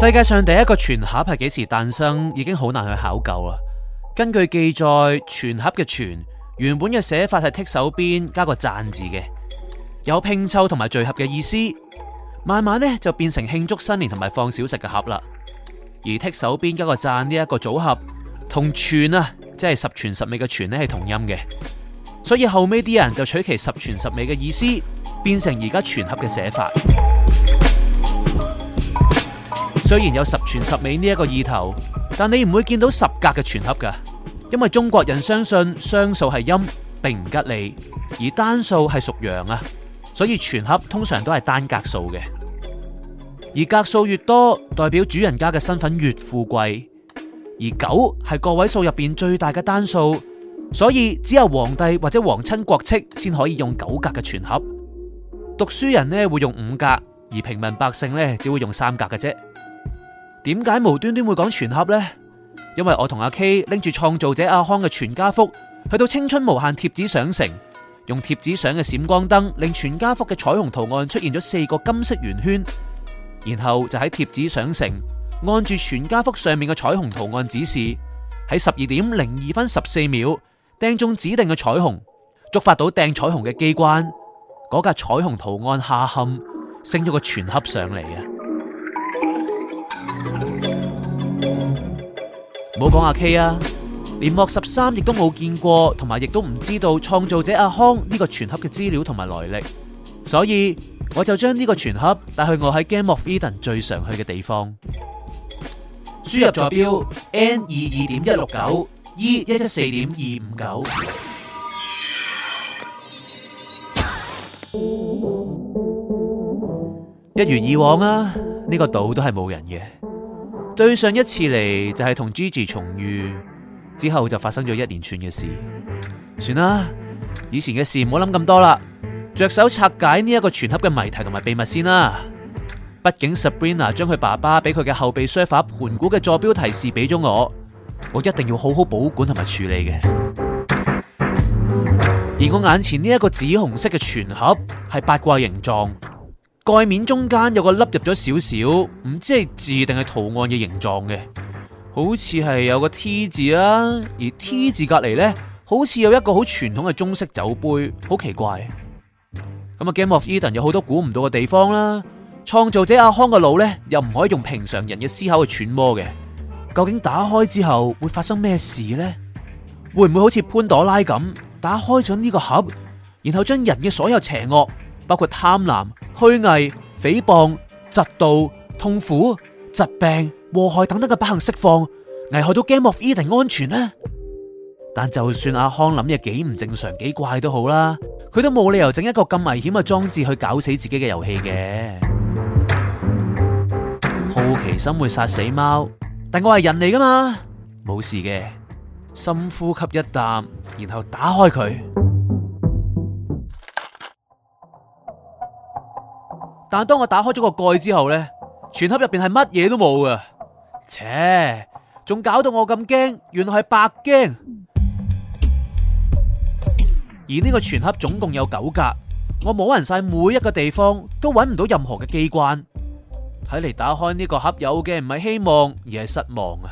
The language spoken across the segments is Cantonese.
世界上第一個全盒係幾時誕生？已經好難去考究啊！根據記載，全盒嘅全原本嘅寫法係剔手邊加個贊字嘅，有拼湊同埋聚合嘅意思。慢慢呢就變成慶祝新年同埋放小食嘅盒啦。而剔手邊加個贊呢一個組合，同全啊，即係十全十美嘅全呢係同音嘅，所以後尾啲人就取其十全十美嘅意思，變成而家全盒嘅寫法。雖然有十全十美呢一個意頭，但你唔會見到十格嘅全盒噶因為中國人相信雙數係陰，並唔吉利，而單數係屬陽啊，所以全盒通常都係單格數嘅。而格數越多，代表主人家嘅身份越富貴。而九係個位數入面最大嘅單數，所以只有皇帝或者皇親國戚先可以用九格嘅全盒。讀書人呢會用五格，而平民百姓呢只會用三格嘅啫。點解無端端會講全盒呢？因為我同阿 K 拎住創造者阿康嘅全家福，去到青春無限貼紙相城，用貼紙相嘅閃光燈令全家福嘅彩虹圖案出現咗四個金色圓圈，然後就喺貼紙相城按住全家福上面嘅彩虹圖案指示，喺十二點零二分十四秒掟中指定嘅彩虹，觸發到掟彩虹嘅機關，嗰格彩虹圖案下陷，升咗個全盒上嚟啊！唔好講阿 K 啊，連莫十三亦都冇見過，同埋亦都唔知道創造者阿康呢個全盒嘅資料同埋來歷，所以我就將呢個全盒帶去我喺 Game of Eden 最常去嘅地方。輸入坐標 N 二二點一六九 E 一一四點二五九。一如以往啊，呢個島都係冇人嘅。對上一次嚟就係、是、同 Gigi 重遇之後就發生咗一連串嘅事，算啦，以前嘅事唔好諗咁多啦，着手拆解呢一個全盒嘅謎題同埋秘密先啦。畢竟 Sabrina 將佢爸爸俾佢嘅後備 server 盤古嘅坐標提示俾咗我，我一定要好好保管同埋處理嘅。而我眼前呢一個紫紅色嘅全盒係八卦形狀。蓋面中間有個凹入咗少少，唔知係字定係圖案嘅形狀嘅，好似係有個 T 字啦，啊，而 T 字隔籬呢，好似有一個好傳統嘅中式酒杯，好奇怪。咁啊，Game of Eden 有好多估唔到嘅地方啦，創造者阿康嘅腦呢，又唔可以用平常人嘅思考去揣摩嘅，究竟打開之後會發生咩事呢？會唔會好似潘朵拉咁打開咗呢個盒，然後將人嘅所有邪惡，包括貪婪、虛偽、誹謗、嫉妒、痛苦、疾病、禍害等等嘅不幸釋放，危害到 Game of Eden 安全呢？但就算阿康諗嘢幾唔正常、幾怪都好啦，佢都冇理由整一個咁危險嘅裝置去搞死自己嘅遊戲嘅。好奇心會殺死貓，但我係人嚟噶嘛，冇事嘅。深呼吸一啖，然後打開佢。但當我打開咗個蓋之後呢，全盒入邊係乜嘢都冇啊。切，仲搞到我咁驚，原來係白驚。 而呢個全盒總共有九格，我摸匀晒每一個地方，都揾唔到任何嘅機關，睇嚟打開呢個盒有嘅唔係希望，而係失望啊！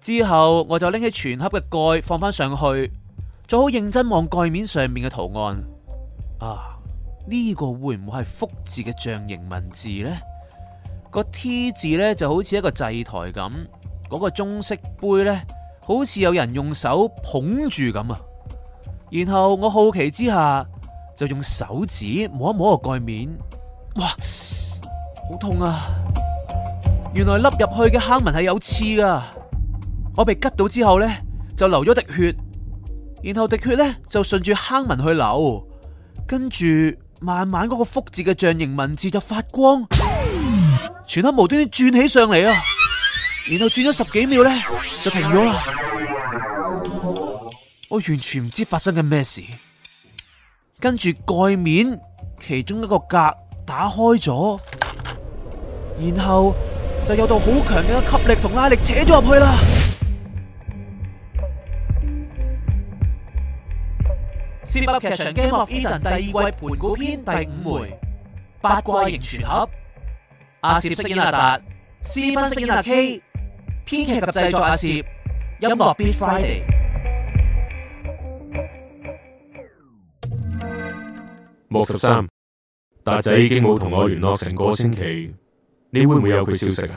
之後我就拎起全盒嘅蓋放翻上去，做好認真望蓋面上面嘅圖案啊！呢個會唔會係福字嘅象形文字咧？個 T 字咧就好似一個祭台咁，嗰個中式杯咧好似有人用手捧住咁啊！然後我好奇之下就用手指摸一摸個蓋面，哇，好痛啊！原來凹入去嘅坑紋係有刺噶，我被拮到之後咧就流咗滴血，然後滴血咧就順住坑紋去流，跟住。慢慢嗰個福字嘅象形文字就發光，嗯、全盒無端端轉起上嚟啊！然後轉咗十幾秒咧，就停咗啦。我完全唔知發生緊咩事。跟住蓋面其中一個格打開咗，然後就有度好強勁嘅吸力同壓力扯咗入去啦。《Zip 噏劇場》《Game of Eden》第二季盤古篇第五回，八卦形全盒。阿攝飾演阿達，Cfun 飾演阿 K，編劇及製作阿攝，音樂 Beat Friday。莫十三，達仔已經冇同我聯絡成個星期，你會唔會有佢消息啊？